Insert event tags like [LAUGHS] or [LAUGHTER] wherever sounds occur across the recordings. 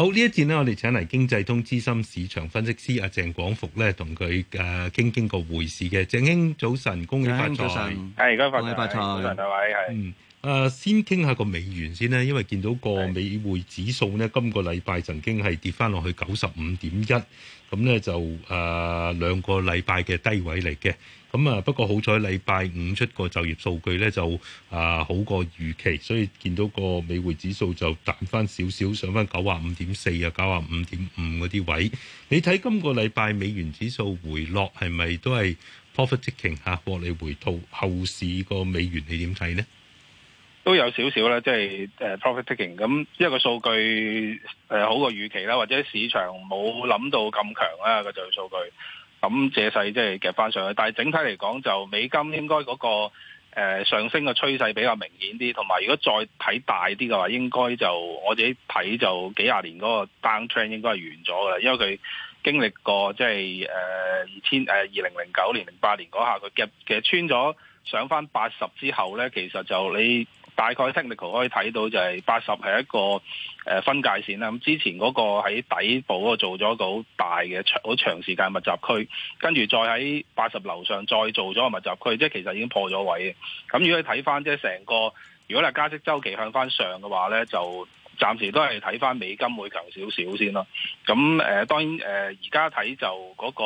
好，呢一節呢，我哋請嚟經濟通資深市場分析師阿鄭廣復咧，同佢誒傾傾個匯市嘅。鄭兄，早晨，恭喜發財，早晨，係今日發財，各位係。嗯，誒、啊、先傾下個美元先咧，因為見到個美匯指數呢，今個禮拜曾經係跌返落去九十五點一，咁、啊、呢，就誒兩個禮拜嘅低位嚟嘅。咁啊、嗯，不過好彩，禮拜五出個就業數據咧就啊、呃、好過預期，所以見到個美匯指數就彈翻少少，上翻九啊五點四啊，九啊五點五嗰啲位。你睇今個禮拜美元指數回落係咪都係 profit taking 嚇？獲利回吐，後市個美元你點睇呢？都有少少啦，即係誒 profit taking。咁一個數據誒好過預期啦，或者市場冇諗到咁強啦，個就業數據。咁借勢即係夾翻上去，但係整體嚟講就美金應該嗰個、那個、呃、上升嘅趨勢比較明顯啲，同埋如果再睇大啲嘅話，應該就我自己睇就幾廿年嗰個 down trend 應該係完咗嘅啦，因為佢經歷過即係誒二千誒二零零九年零八年嗰下佢夾其實穿咗。上翻八十之後呢，其實就你大概 technical 可以睇到，就係八十係一個誒、呃、分界線啦。咁、嗯、之前嗰個喺底部嗰個做咗個好大嘅長好長時間密集區，跟住再喺八十樓上再做咗個密集區，即係其實已經破咗位嘅。咁、嗯、如果你睇翻即係成個，如果你係加息周期向翻上嘅話呢，就。暫時都係睇翻美金會強少少先咯，咁誒、呃、當然誒而家睇就嗰、那個、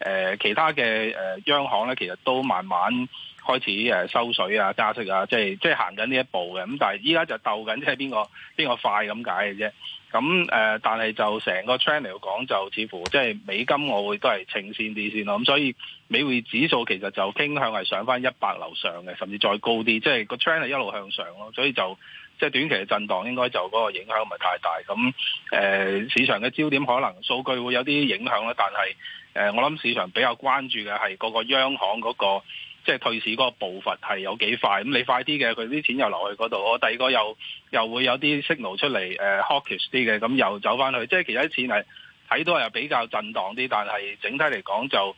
呃、其他嘅誒、呃、央行咧，其實都慢慢開始誒收水啊、加息啊，即係即係行緊呢一步嘅。咁但係依家就鬥緊即係邊個邊個快咁解嘅啫。咁誒、呃，但係就成個 trend 嚟講就似乎即係美金，我會都係清線啲先咯。咁所以美匯指數其實就傾向係上翻一百樓上嘅，甚至再高啲，即、就、係、是、個 trend 係一路向上咯。所以就。即係短期嘅震盪，應該就嗰個影響唔係太大。咁誒、呃、市場嘅焦點可能數據會有啲影響啦，但係誒、呃、我諗市場比較關注嘅係嗰個央行嗰個即係退市嗰個步伐係有幾快。咁你快啲嘅，佢啲錢又流去嗰度，我第二個又又會有啲 signal 出嚟，誒 hawkish 啲嘅，咁又走翻去。即係其實啲錢係睇到係比較震盪啲，但係整體嚟講就誒、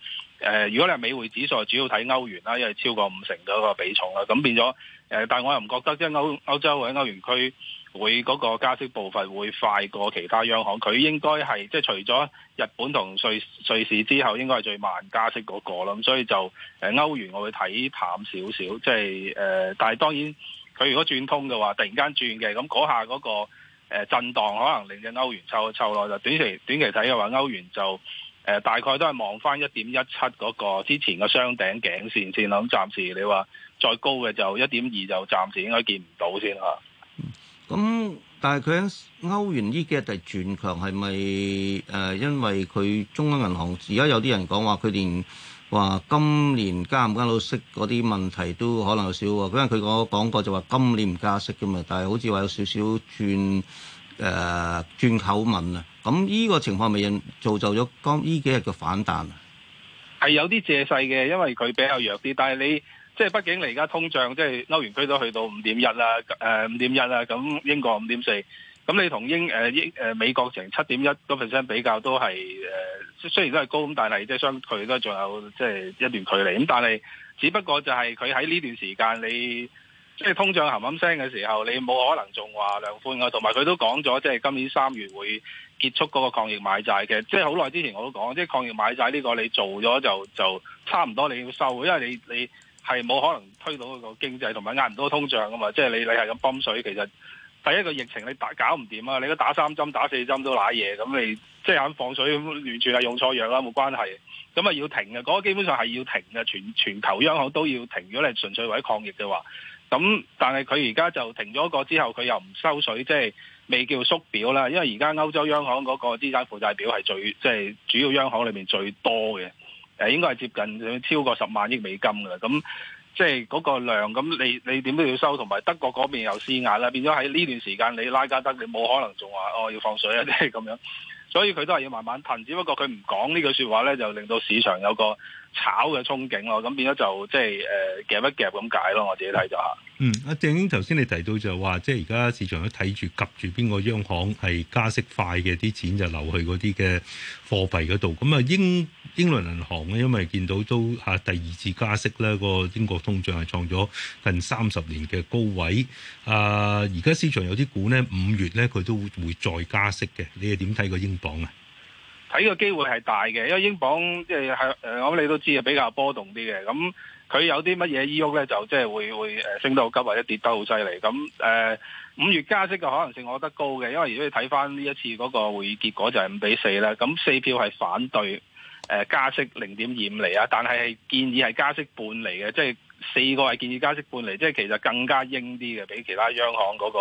呃，如果你係美匯指數，主要睇歐元啦，因為超過五成嗰個比重啦，咁變咗。誒，但係我又唔覺得即係歐歐洲或者歐元區會嗰個加息部分會快過其他央行，佢應該係即係除咗日本同瑞瑞士之後，應該係最慢加息嗰個啦。咁所以就誒歐元，我會睇淡少少，即係誒。但係當然佢如果轉通嘅話，突然間轉嘅，咁嗰下嗰個震盪，可能令隻歐元抽一抽咯。就短期短期睇嘅話，歐元就誒、呃、大概都係望翻一點一七嗰個之前嘅雙頂頸線先啦。咁暫時你話。再高嘅就一點二就暫時應該見唔到先嚇。咁、嗯、但係佢喺歐元呢幾日突然轉強，係咪誒？因為佢中央銀行而家有啲人講話，佢連話今年加唔加到息嗰啲問題都可能有少喎。因為佢講講過就話今年唔加息嘅嘛，但係好似話有少少轉誒、呃、轉口吻啊。咁呢個情況咪引造就咗今呢幾日嘅反彈啊？係有啲借勢嘅，因為佢比較弱啲，但係你。即係畢竟你而家通脹，即係歐元區都去到五點一啦，誒五點一啦，咁英國五點四，咁你同英誒英誒美國成七點一個 percent 比較都，都係誒雖然都係高咁，但係即係相距都仲有即係一段距離。咁但係，只不過就係佢喺呢段時間，你即係通脹冚冚聲嘅時候，你冇可能仲話量寬㗎。同埋佢都講咗，即係今年三月會結束嗰個抗疫買債嘅。即係好耐之前我都講，即係抗疫買債呢個你做咗就就差唔多你要收，因為你你。你你你你係冇可能推到個經濟同埋壓唔到通脹噶嘛。即係你你係咁泵水，其實第一個疫情你搞唔掂啊！你都打三針打四針都瀨嘢，咁你即係肯放水完全係用錯藥啦，冇關係，咁啊要停嘅嗰個基本上係要停嘅，全全球央行都要停咗，你係純粹為抗疫嘅話。咁但係佢而家就停咗個之後，佢又唔收水，即係未叫縮表啦。因為而家歐洲央行嗰個資產負債表係最即係主要央行裏面最多嘅。誒，應該係接近超過十萬億美金㗎，咁即係嗰個量，咁你你點都要收，同埋德國嗰邊又施壓啦，變咗喺呢段時間你拉加德你冇可能仲話哦，要放水啊啲咁樣，所以佢都係要慢慢騰，只不過佢唔講呢句説話咧，就令到市場有個。炒嘅憧憬咯，咁變咗就即係誒夾一夾咁解咯，我自己睇咗吓。嗯，阿、啊、鄭英頭先你提到就話，即係而家市場都睇住及住邊個央行係加息快嘅，啲錢就流去嗰啲嘅貨幣嗰度。咁、嗯、啊，英英倫銀行咧，因為見到都吓、啊、第二次加息咧，個英國通脹係創咗近三十年嘅高位。啊，而家市場有啲股呢，五月呢佢都會，會再加息嘅。你係點睇個英鎊啊？睇個機會係大嘅，因為英鎊即係係誒，我哋都知啊，比較波動啲嘅。咁、嗯、佢有啲乜嘢依屋咧，就即係會會誒升得好急或者跌得好犀利。咁、嗯、誒、呃、五月加息嘅可能性，我覺得高嘅，因為如果你睇返呢一次嗰個會議結果就係五比四啦、嗯。咁四票係反對誒、呃、加息零點二五厘啊，但係建議係加息半厘嘅，即係四個係建議加息半厘，即係其實更加鷹啲嘅，比其他央行嗰、那個。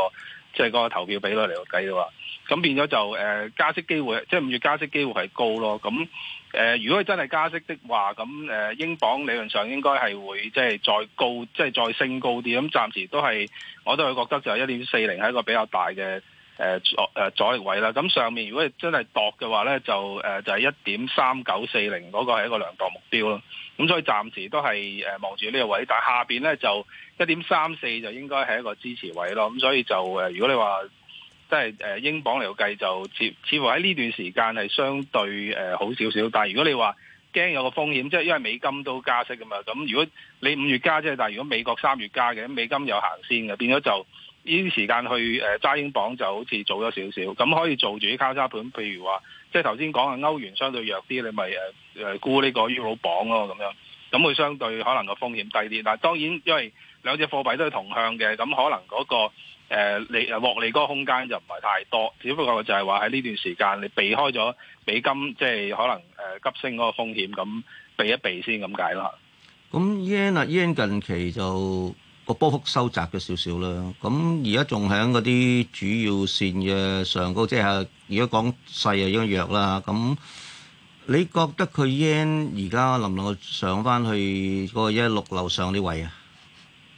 即係個投票比率，嚟計嘅話，咁變咗就誒加息機會，即係五月加息機會係高咯。咁誒，如果真係加息的話，咁誒英鎊理論上應該係會即係再高，即係再升高啲。咁暫時都係，我都係覺得就係一點四零係一個比較大嘅誒左阻力位啦。咁上面如果真係度嘅話咧，就誒就係一點三九四零嗰個係一個量度目標咯。咁所以暫時都係誒望住呢個位，但係下邊咧就。一點三四就應該係一個支持位咯，咁所以就誒、呃，如果你話即係誒英鎊嚟計，就似似乎喺呢段時間係相對誒、呃、好少少。但係如果你話驚有個風險，即係因為美金都加息㗎嘛，咁如果你五月加，即係但係如果美國三月加嘅，美金有行先嘅，變咗就呢啲時間去誒揸、呃、英鎊就好似早咗少少。咁可以做住啲交叉盤，譬如話即係頭先講嘅歐元相對弱啲，你咪誒沽呢個 Euro 鎊咯，咁樣咁會相對可能個風險低啲。但係當然因為。兩隻貨幣都係同向嘅，咁可能嗰個誒利獲利嗰個空間就唔係太多，只不過就係話喺呢段時間你避開咗比金，即係可能誒急升嗰個風險，咁避一避先咁解啦。咁 yen 啊，yen 近期就個波幅收窄咗少少啦。咁而家仲喺嗰啲主要線嘅上高，即係如果講細啊，應該弱啦。咁你覺得佢 yen 而家能唔能夠上返去個一六樓上啲位啊？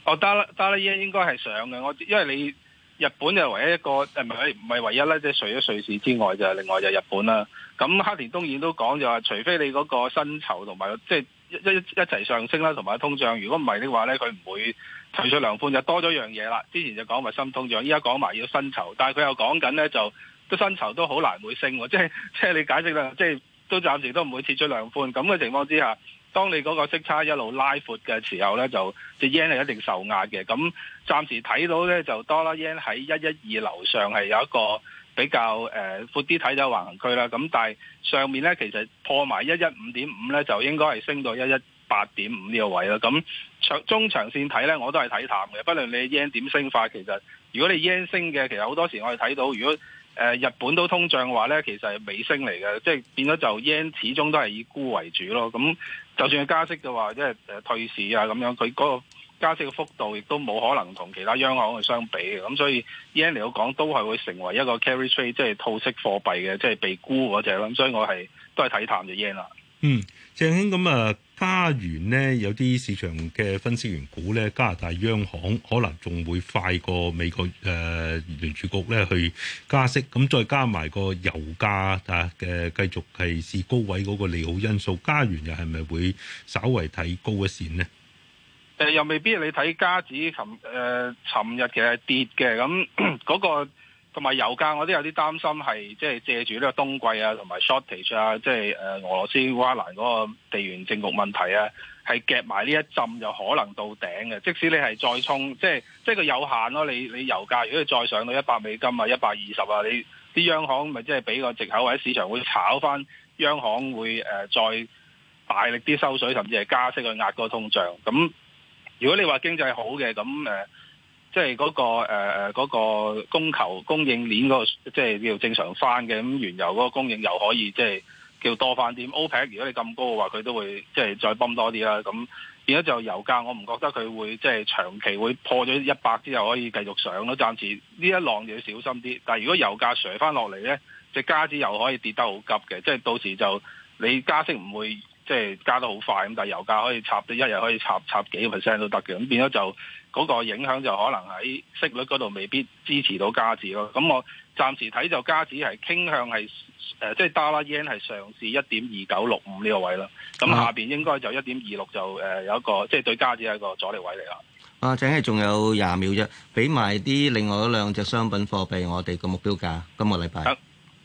哦德拉德拉耶應該係上嘅，我因為你日本就唯一一個，誒唔係唯一咧，即係除咗瑞士之外就係、是、另外就日本啦。咁、啊、黑田東彥都講就係除非你嗰個薪酬同埋即係一一一齊上升啦，同埋通脹，如果唔係的話咧，佢唔會退出量寬，就多咗樣嘢啦。之前就講埋新通脹，依家講埋要薪酬，但係佢又講緊咧就都薪酬都好難會升喎、啊，即係即係你解釋啦，即係都暫時都唔會撤出量寬咁嘅情況之下。當你嗰個息差一路拉闊嘅時候咧，就隻 yen 係一定受壓嘅。咁暫時睇到咧，就多啦 yen 喺一一二樓上係有一個比較誒闊啲睇咗橫行區啦。咁但係上面咧，其實破埋一一五點五咧，就應該係升到一一八點五呢個位啦。咁長中長線睇咧，我都係睇淡嘅。不論你 yen 點升快，其實如果你 yen 升嘅，其實好多時我哋睇到，如果誒、呃、日本都通脹嘅話咧，其實係尾升嚟嘅，即、就、係、是、變咗就 yen 始終都係以沽為主咯。咁就算佢加息嘅話，即係誒退市啊，咁樣，佢嗰個加息嘅幅度亦都冇可能同其他央行去相比嘅，咁所以 yen 嚟講都係會成為一個 carry trade，即係套息貨幣嘅，即係被沽嗰隻啦。所以我係都係睇淡咗 yen 啦。嗯，鄭興咁啊。加元呢，有啲市場嘅分析員估呢，加拿大央行可能仲會快過美國誒聯儲局呢去加息。咁再加埋個油價啊嘅繼續係試高位嗰個利好因素，加元又係咪會稍為睇高一線呢？誒、呃，又未必。你睇加指，尋誒尋日其實跌嘅，咁、那、嗰個。同埋油價，我都有啲擔心，係即係借住呢個冬季啊，同埋 shortage 啊，即係誒俄羅斯烏克蘭嗰個地緣政局問題啊，係夾埋呢一浸就可能到頂嘅。即使你係再衝，即係即係佢有限咯、啊。你你油價如果你再上到一百美金啊，一百二十啊，你啲央行咪即係俾個藉口，或者市場會炒翻，央行會誒、呃、再大力啲收水，甚至係加息去壓個通脹。咁如果你話經濟好嘅，咁誒。呃即係嗰、那個誒誒、呃那個、供求供應鏈嗰、那個，即係叫正常翻嘅咁，原油嗰個供應又可以即係叫多翻啲。OPEC 如果你咁高嘅話，佢都會即係再泵多啲啦。咁變咗就油價，我唔覺得佢會即係長期會破咗一百之後可以繼續上咯。暫時呢一浪就要小心啲。但係如果油價上翻落嚟咧，即加資油可以跌得好急嘅，即係到時就你加息唔會即係加得好快咁，但係油價可以插到一日可以插插，插幾個 percent 都得嘅，咁變咗就。嗰個影響就可能喺息率嗰度未必支持到加字咯。咁我暫時睇就加字係傾向係誒，即、呃、係、就是、Dollar Yen 係上試一點二九六五呢個位咯。咁下邊應該就一點二六就誒、呃、有一個，即、就、係、是、對加字係一個阻力位嚟啦。啊，剩係仲有廿秒啫，俾埋啲另外兩隻商品貨幣我哋個目標價，今個禮拜。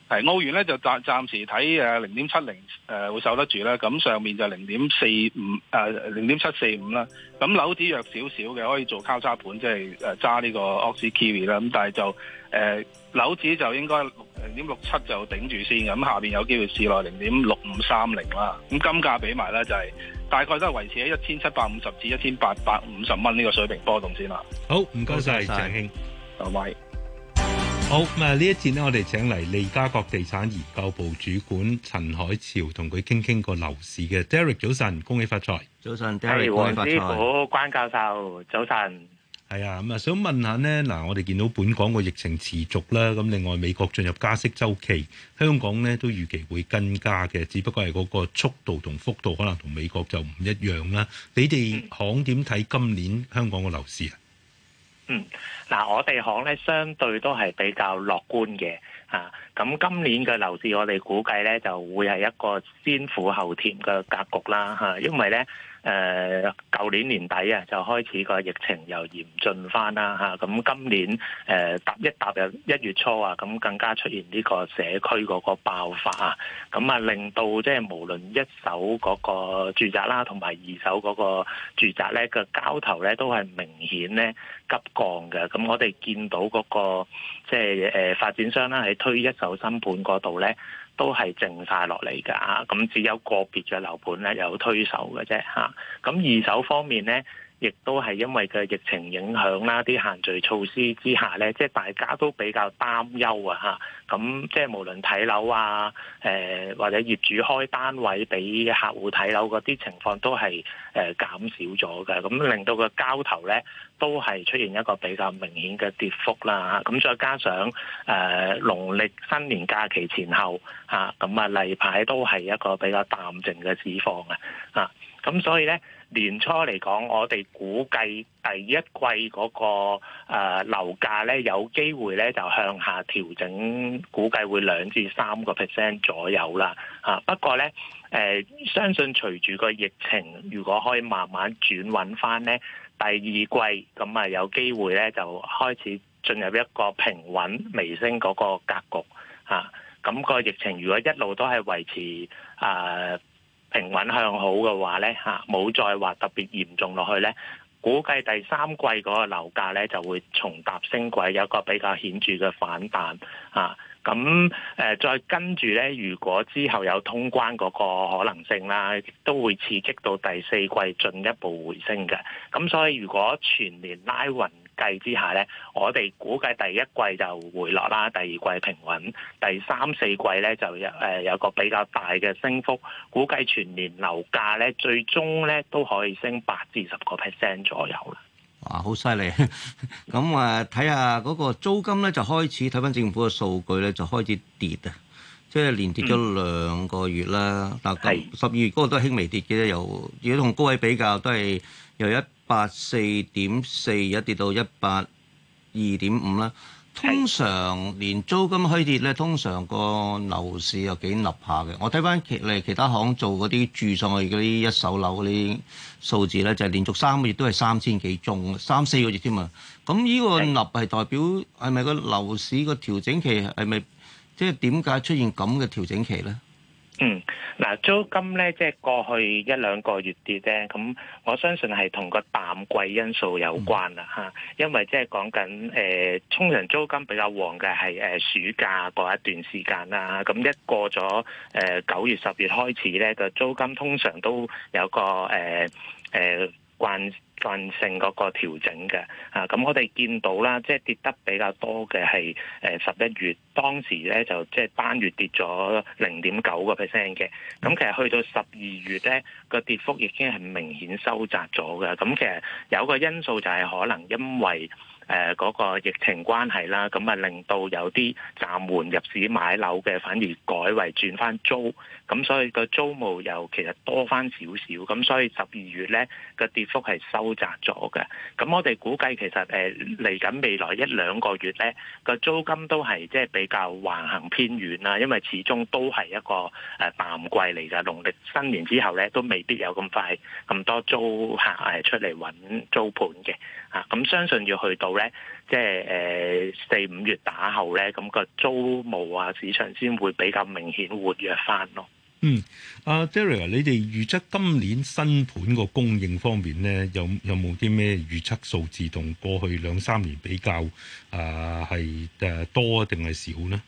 係澳元咧就暫暫時睇誒零點七零誒會受得住啦，咁上面就零點四五誒零點七四五啦。咁樓指弱少少嘅可以做交叉盤，即係誒揸呢個澳元兌兌啦。咁但係就誒樓指就應該零點六七就頂住先。咁下邊有機會試落零點六五三零啦。咁金價比埋咧就係、是、大概都係維持喺一千七百五十至一千八百五十蚊呢個水平波動先啦。好，唔該晒，鄭兄，好，拜。好，咁啊呢一節咧，我哋請嚟利嘉閣地產研究部主管陳海潮，同佢傾傾個樓市嘅。Derek 早晨，恭喜發財！早晨，Derek，黃師傅關教授早晨。係啊，咁啊想問下咧，嗱，我哋見到本港個疫情持續啦，咁另外美國進入加息週期，香港咧都預期會更加嘅，只不過係嗰個速度同幅度可能同美國就唔一樣啦。你哋行點睇今年香港個樓市啊？嗯，嗱，我哋行咧，相對都係比較樂觀嘅，啊，咁今年嘅樓市我哋估計咧，就會係一個先苦後甜嘅格局啦，吓、啊，因為咧。誒，舊年年底啊，就開始個疫情又嚴峻翻啦，嚇！咁今年誒，踏一踏入一月初啊，咁更加出現呢個社區嗰個爆發啊，咁啊令到即係無論一手嗰個住宅啦，同埋二手嗰個住宅咧嘅交投咧都係明顯咧急降嘅。咁我哋見到嗰個即係誒發展商啦，喺推一手新盤嗰度咧。都係靜曬落嚟㗎，咁只有個別嘅樓盤咧有推手嘅啫嚇，咁二手方面咧。亦都係因為嘅疫情影響啦，啲限聚措施之下咧，即係大家都比較擔憂啊！嚇，咁即係無論睇樓啊，誒或者業主開單位俾客戶睇樓嗰啲情況都係誒減少咗嘅，咁令到個交投咧都係出現一個比較明顯嘅跌幅啦！咁再加上誒農曆新年假期前後嚇，咁啊例牌都係一個比較淡靜嘅市況啊！嚇，咁所以咧。年初嚟講，我哋估計第一季嗰、那個誒樓價咧，有機會咧就向下調整，估計會兩至三個 percent 左右啦。嚇、啊！不過咧，誒、呃、相信隨住個疫情，如果可以慢慢轉穩返咧，第二季咁啊有機會咧就開始進入一個平穩微升嗰個格局。嚇、啊！咁、那個疫情如果一路都係維持誒。呃平穩向好嘅話咧嚇，冇、啊、再話特別嚴重落去咧，估計第三季嗰個樓價咧就會重踏升軌，有個比較顯著嘅反彈嚇。咁、啊、誒、啊，再跟住咧，如果之後有通關嗰個可能性啦、啊，都會刺激到第四季進一步回升嘅。咁、啊、所以如果全年拉勻計之下咧，我哋估計第一季就回落啦，第二季平穩，第三四季咧就有誒有個比較大嘅升幅。估計全年樓價咧，最終咧都可以升八至十個 percent 左右啦。哇，好犀利！咁 [LAUGHS] 啊，睇下嗰個租金咧，就開始睇翻政府嘅數據咧，就開始跌啊，即係連跌咗兩個月啦。嗯、但係十二月嗰個都係輕微跌嘅，又如果同高位比較，都係又一。八四點四一跌到一八二點五啦。通常連租金虛跌咧，通常個樓市有幾立下嘅。我睇翻其嚟其他行做嗰啲住上去嗰啲一手樓嗰啲數字咧，就係連續三個月都係三千幾宗，三四個月添啊。咁呢個立係代表係咪個樓市個調整期係咪？即係點解出現咁嘅調整期咧？嗯，嗱，租金咧即係過去一兩個月跌咧，咁我相信係同個淡季因素有關啦吓，因為即係講緊誒，通常租金比較旺嘅係誒暑假嗰一段時間啦，咁一過咗誒九月十月開始咧，個租金通常都有個誒誒。呃呃慣慣性嗰個調整嘅嚇，咁、啊、我哋見到啦，即係跌得比較多嘅係誒十一月當時咧就即係單月跌咗零點九個 percent 嘅，咁其實去到十二月咧個跌幅已經係明顯收窄咗嘅，咁其實有個因素就係可能因為。誒嗰、呃嗰個疫情關係啦，咁啊令到有啲暫緩入市買樓嘅，反而改為轉翻租，咁所以個租務又其實多翻少少，咁所以十二月咧個跌幅係收窄咗嘅。咁我哋估計其實誒嚟緊未來一兩個月咧個租金都係即係比較橫行偏軟啦，因為始終都係一個誒淡季嚟㗎，農曆新年之後咧都未必有咁快咁多租客係出嚟揾租盤嘅。啊，咁相信要去到。咧，即係誒四五月打後咧，咁個租務啊市場先會比較明顯活躍翻咯。嗯，阿 Daria，你哋預測今年新盤個供應方面咧，有有冇啲咩預測數字同過去兩三年比較？誒係誒多定係少咧？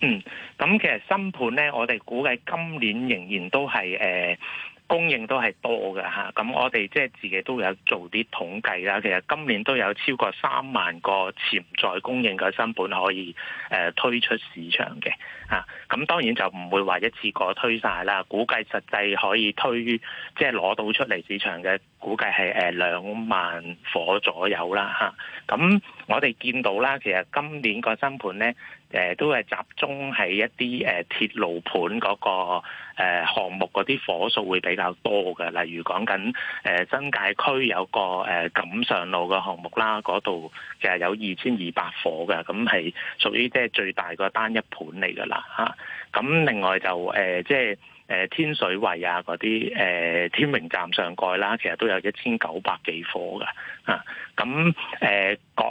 嗯，咁其實新盤咧，我哋估計今年仍然都係誒。呃供應都係多嘅嚇，咁我哋即係自己都有做啲統計啦。其實今年都有超過三萬個潛在供應嘅新盤可以誒推出市場嘅嚇，咁當然就唔會話一次過推晒啦。估計實際可以推即係攞到出嚟市場嘅，估計係誒兩萬夥左右啦嚇。咁我哋見到啦，其實今年個新盤呢。誒都係集中喺一啲誒、呃、鐵路盤嗰、嗰個誒、呃、項目嗰啲火數會比較多嘅，例如講緊誒新界區有個誒錦、呃、上路嘅項目啦，嗰度其實有二千二百火嘅，咁係屬於即係最大個單一盤嚟㗎啦嚇。咁另外就誒即係。呃就係誒天水圍啊，嗰啲誒天榮站上蓋啦，其實都有一千九百幾伙嘅啊。咁誒、呃呃、九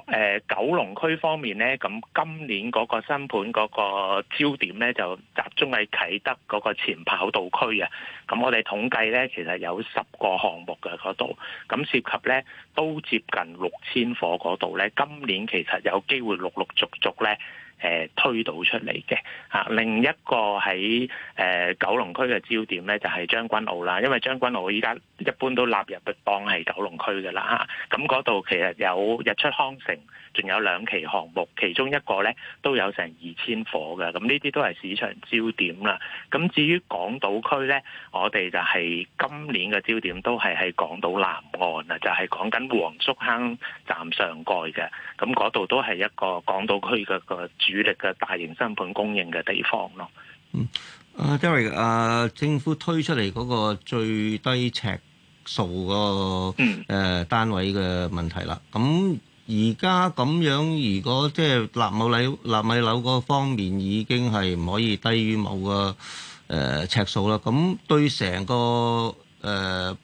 誒九龍區方面咧，咁今年嗰個新盤嗰個焦點咧就集中喺啟德嗰個前跑道區啊。咁我哋統計咧，其實有十個項目嘅嗰度，咁涉及咧都接近六千伙嗰度咧。今年其實有機會陸陸續續咧。誒、呃、推到出嚟嘅嚇，另一個喺誒、呃、九龍區嘅焦點咧，就係、是、將軍澳啦，因為將軍澳依家一般都納入當係九龍區嘅啦嚇，咁嗰度其實有日出康城。仲有兩期項目，其中一個咧都有成二千伙嘅，咁呢啲都係市場焦點啦。咁至於港島區咧，我哋就係今年嘅焦點都係喺港島南岸啊，就係講緊黃竹坑站上蓋嘅，咁嗰度都係一個港島區嘅個主力嘅大型新盤供應嘅地方咯。嗯，啊 Jerry 啊，政府推出嚟嗰個最低尺數、嗰個誒、嗯呃、單位嘅問題啦，咁。而家咁樣，如果即係納米樓、納米樓嗰方面已經係唔可以低於某個誒尺數啦。咁對成個誒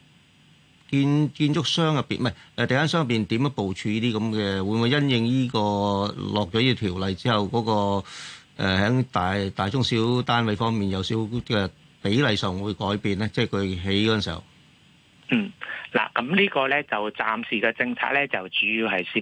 建建築商入邊，唔係誒地產商入邊點樣部署呢啲咁嘅？會唔會因應呢個落咗呢條例之後嗰個誒喺大大中小單位方面有少嘅比例上會改變咧？即係佢起嗰陣時候。嗯，嗱，咁呢個咧就暫時嘅政策咧，就主要係涉及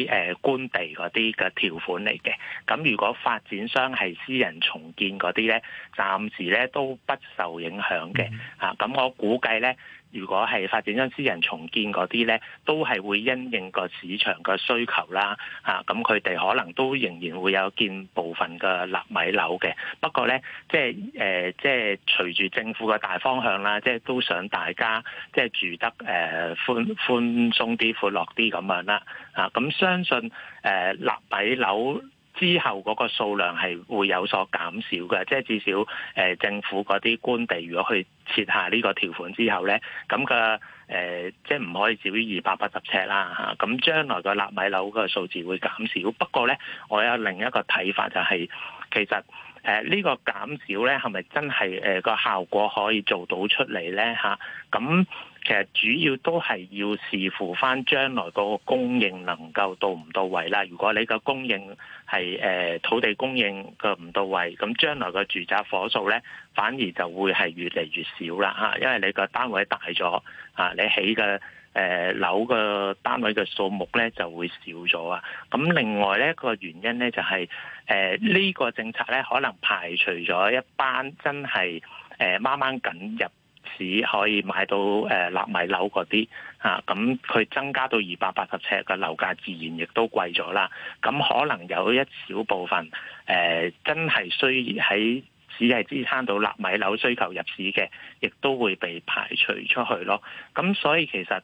一啲誒、呃、官地嗰啲嘅條款嚟嘅。咁如果發展商係私人重建嗰啲咧，暫時咧都不受影響嘅。啊，咁我估計咧。如果係發展商私人重建嗰啲咧，都係會因應個市場個需求啦，嚇咁佢哋可能都仍然會有建部分嘅納米樓嘅。不過咧，即係誒、呃，即係隨住政府嘅大方向啦，即係都想大家即係住得誒、呃、寬寬鬆啲、闊落啲咁樣啦，嚇、啊、咁、嗯、相信誒、呃、納米樓。之後嗰個數量係會有所減少嘅，即、就、係、是、至少誒、呃、政府嗰啲官地如果去設下呢個條款之後咧，咁、那個誒、呃、即係唔可以少於二百八十尺啦嚇。咁、啊、將來個納米樓個數字會減少，不過咧我有另一個睇法就係、是、其實誒呢、呃這個減少咧係咪真係誒個效果可以做到出嚟咧吓？咁、啊。其實主要都係要視乎翻將來個供應能夠到唔到位啦。如果你個供應係誒、呃、土地供應嘅唔到位，咁將來個住宅火數咧，反而就會係越嚟越少啦嚇。因為你個單位大咗啊，你起嘅誒樓嘅單位嘅數目咧就會少咗啊。咁另外咧個原因咧就係誒呢個政策咧可能排除咗一班真係誒掹掹緊入。只可以買到誒納米樓嗰啲啊，咁佢增加到二百八十尺嘅樓價，自然亦都貴咗啦。咁可能有一小部分誒、呃、真係需要喺只係支撐到納米樓需求入市嘅，亦都會被排除出去咯。咁所以其實誒、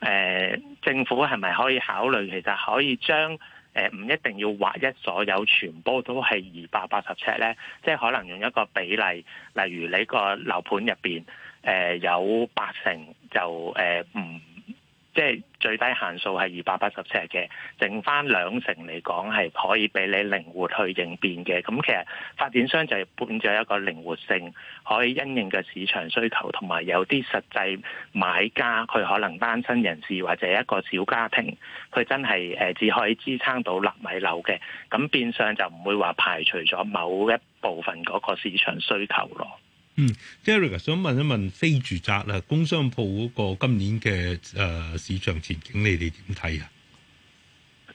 呃、政府係咪可以考慮，其實可以將誒唔一定要劃一所有全部都係二百八十尺咧，即、就、係、是、可能用一個比例，例如你個樓盤入邊。誒、呃、有八成就誒唔、呃、即係最低限數係二百八十尺嘅，剩翻兩成嚟講係可以俾你靈活去應變嘅。咁、嗯、其實發展商就係本着一個靈活性，可以因應嘅市場需求，同埋有啲實際買家佢可能單身人士或者一個小家庭，佢真係誒只可以支撐到納米樓嘅。咁、嗯、變相就唔會話排除咗某一部分嗰個市場需求咯。嗯，Jerrica 想問一問非住宅啦，工商鋪嗰個今年嘅，誒、呃、市場前景，你哋點睇啊？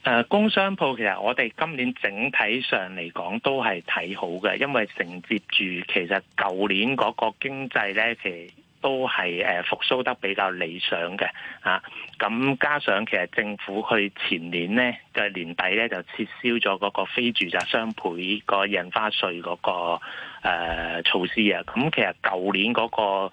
誒、呃，工商鋪其實我哋今年整體上嚟講都係睇好嘅，因為承接住其實舊年嗰個經濟呢，其都係誒復甦得比較理想嘅啊！咁加上其實政府佢前年咧嘅年底咧就撤銷咗嗰個非住宅雙倍個印花稅嗰、嗰個呃啊、個,個措施啊！咁其實舊年嗰個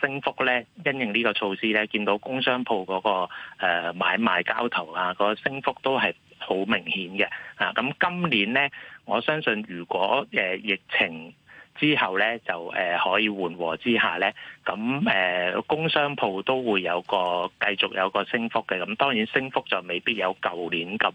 升幅咧，因應呢個措施咧，見到工商鋪嗰個誒買賣交投啊，個升幅都係好明顯嘅啊！咁今年咧，我相信如果誒、呃、疫情，之後咧就誒可以緩和之下咧，咁誒、呃、工商鋪都會有個繼續有個升幅嘅，咁當然升幅就未必有舊年咁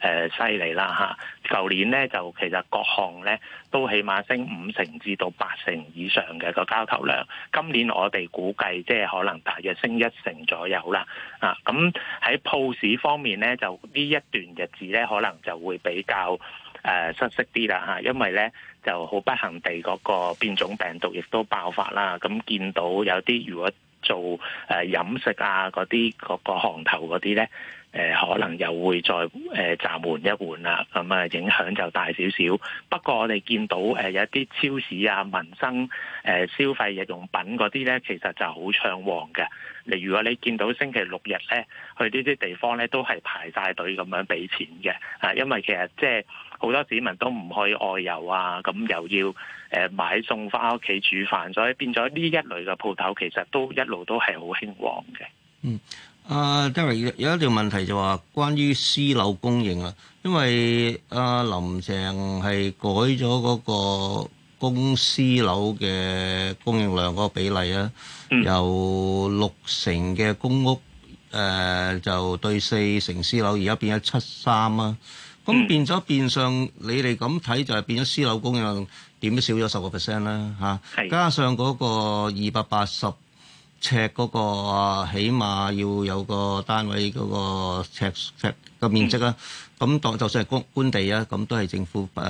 誒犀利啦嚇。舊年咧就其實各項咧都起碼升五成至到八成以上嘅個交投量，今年我哋估計即係可能大約升一成左右啦啊。咁喺鋪市方面咧，就呢一段日子咧可能就會比較，誒、呃、失色啲啦嚇，因為咧就好不幸地嗰個變種病毒亦都爆發啦。咁見到有啲如果做誒飲食啊嗰啲嗰個行頭嗰啲咧，誒、呃、可能又會再誒、呃、暫緩一緩啦。咁啊影響就大少少。不過我哋見到誒有一啲超市啊、民生誒消費日用品嗰啲咧，其實就好暢旺嘅。你如果你見到星期六日咧去呢啲地方咧，都係排晒隊咁樣俾錢嘅嚇，因為其實即、就、係、係。好多市民都唔去外遊啊，咁又要誒買餸返屋企煮飯，所以變咗呢一類嘅鋪頭其實都一路都係好興旺嘅。嗯，啊，因為有一條問題就話關於私樓供應啊，因為阿林鄭係改咗嗰個公私樓嘅供應量嗰個比例啊，由六成嘅公屋誒就對四成私樓，而家變咗七三啊。咁變咗變相，你哋咁睇就係、是、變咗私樓供應量點都少咗十個 percent 啦，嚇！加上嗰個二百八十尺嗰個起碼要有個單位嗰個尺尺嘅面積啊。咁當、嗯、就算係官官地啊，咁都係政府誒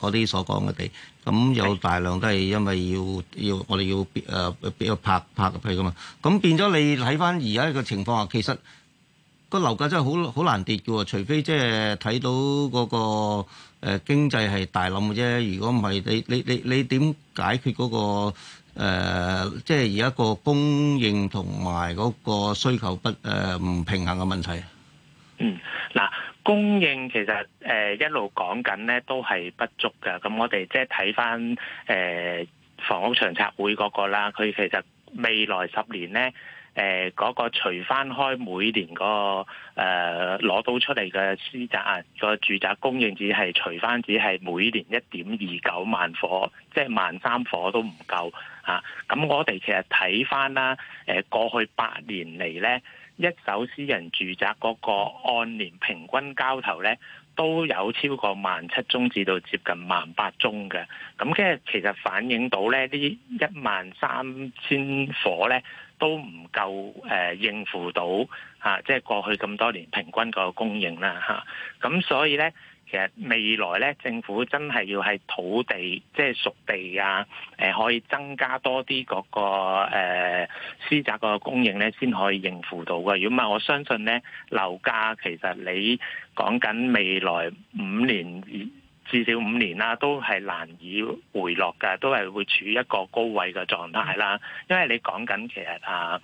嗰啲所講嘅地，咁有大量都係因為要要我哋要誒俾個拍拍入去噶嘛。咁變咗你睇翻而家嘅情況啊，其實～個樓價真係好好難跌㗎喎，除非即係睇到嗰個誒經濟係大冧嘅啫。如果唔係，你你你你點解決嗰個誒即係而家個供應同埋嗰個需求不誒唔平衡嘅問題？嗯，嗱，供應其實誒一路講緊咧都係不足㗎。咁我哋即係睇翻誒房屋長策會嗰個啦，佢其實未來十年咧。誒嗰、呃那個除翻開每年、那個誒攞、呃、到出嚟嘅私宅、啊那個住宅供應只係除翻只係每年一點二九萬火，即係萬三火都唔夠嚇。咁、啊、我哋其實睇翻啦，誒、呃、過去八年嚟咧，一手私人住宅嗰個按年平均交投咧都有超過萬七宗至到接近萬八宗嘅。咁跟住其實反映到咧，呢啲一萬三千火咧。都唔夠誒、呃、應付到嚇，即、啊、係、就是、過去咁多年平均個供應啦嚇，咁、啊啊、所以咧，其實未來咧，政府真係要係土地即係、就是、熟地啊，誒、呃、可以增加多啲嗰、那個、呃、私宅個供應咧，先可以應付到嘅。如果唔係，我相信咧，樓價其實你講緊未來五年。至少五年啦，都係難以回落嘅，都係會處於一個高位嘅狀態啦。因為你講緊其實啊，誒、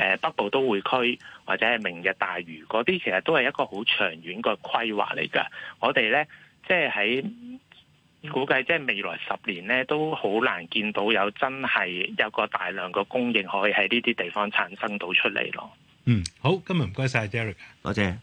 呃、北部都會區或者係明日大嶼嗰啲，其實都係一個好長遠嘅規劃嚟嘅。我哋咧，即係喺估計即係未來十年咧，都好難見到有真係有個大量嘅供應可以喺呢啲地方產生到出嚟咯。嗯，好，今日唔該晒，Jerry，多謝。